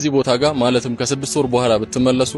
እዚህ ቦታ ጋር ማለትም ከስድስት ወር በኋላ ብትመለሱ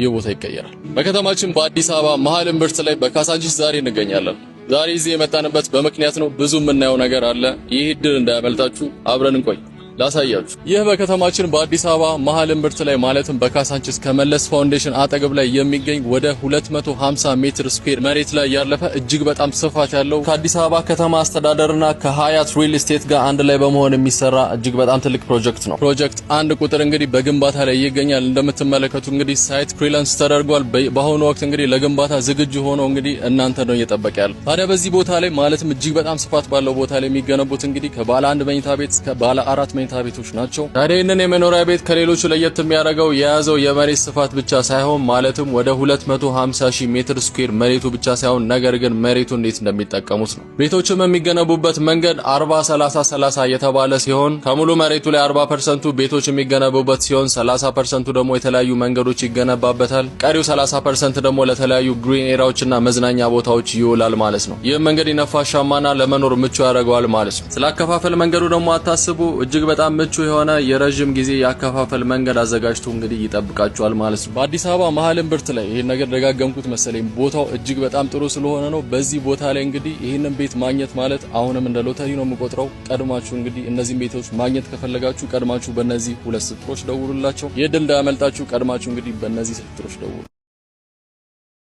ይህ ቦታ ይቀየራል። በከተማችን በአዲስ አበባ መሀል እምብርት ላይ በካዛንቺስ ዛሬ እንገኛለን። ዛሬ እዚህ የመጣንበት በምክንያት ነው። ብዙ የምናየው ነገር አለ። ይህ እድል እንዳያመልጣችሁ። አብረን እንቆይ። ላሳያችሁ። ይህ በከተማችን በአዲስ አበባ መሀል እምብርት ላይ ማለትም በካሳንችስ ከመለስ ፋውንዴሽን አጠገብ ላይ የሚገኝ ወደ 250 ሜትር ስኩዌር መሬት ላይ ያለፈ እጅግ በጣም ስፋት ያለው ከአዲስ አበባ ከተማ አስተዳደርና ከሀያት ሪል ስቴት ጋር አንድ ላይ በመሆን የሚሰራ እጅግ በጣም ትልቅ ፕሮጀክት ነው። ፕሮጀክት አንድ ቁጥር እንግዲህ በግንባታ ላይ ይገኛል። እንደምትመለከቱ እንግዲህ ሳይት ክሊራንስ ተደርጓል። በአሁኑ ወቅት እንግዲህ ለግንባታ ዝግጁ ሆኖ እንግዲህ እናንተ ነው እየጠበቀ ያለው። ታዲያ በዚህ ቦታ ላይ ማለትም እጅግ በጣም ስፋት ባለው ቦታ ላይ የሚገነቡት እንግዲህ ከባለ አንድ መኝታ ቤት እስከ ባለ አራት መኝታ መኝታ ቤቶች ናቸው። ታዲያ ይህንን የመኖሪያ ቤት ከሌሎቹ ለየት የሚያደርገው የያዘው የመሬት ስፋት ብቻ ሳይሆን ማለትም ወደ 250 ሺህ ሜትር ስኩዌር መሬቱ ብቻ ሳይሆን ነገር ግን መሬቱ እንዴት እንደሚጠቀሙት ነው። ቤቶችም የሚገነቡበት መንገድ 40 30 30 የተባለ ሲሆን ከሙሉ መሬቱ ላይ 40 ፐርሰንቱ ቤቶች የሚገነቡበት ሲሆን 30 ፐርሰንቱ ደግሞ የተለያዩ መንገዶች ይገነባበታል። ቀሪው 30 ፐርሰንት ደግሞ ለተለያዩ ግሪን ኤራዎችና መዝናኛ ቦታዎች ይውላል ማለት ነው። ይህ መንገድ ነፋሻማና ለመኖር ምቹ ያደርገዋል ማለት ነው። ስለ አከፋፈል መንገዱ ደግሞ አታስቡ እጅግ በጣም ምቹ የሆነ የረዥም ጊዜ የአከፋፈል መንገድ አዘጋጅቶ እንግዲህ ይጠብቃችኋል ማለት ነው። በአዲስ አበባ መሀል እምብርት ላይ ይህን ነገር ደጋገምኩት መሰለኝ። ቦታው እጅግ በጣም ጥሩ ስለሆነ ነው። በዚህ ቦታ ላይ እንግዲህ ይህንን ቤት ማግኘት ማለት አሁንም እንደ ሎተሪ ነው የምቆጥረው። ቀድማችሁ እንግዲህ እነዚህን ቤቶች ማግኘት ከፈለጋችሁ ቀድማችሁ በእነዚህ ሁለት ስጥሮች ደውሉላቸው። ይህ ድል እንዳያመልጣችሁ። ቀድማችሁ እንግዲህ በእነዚህ ስጥሮች ደውሉ።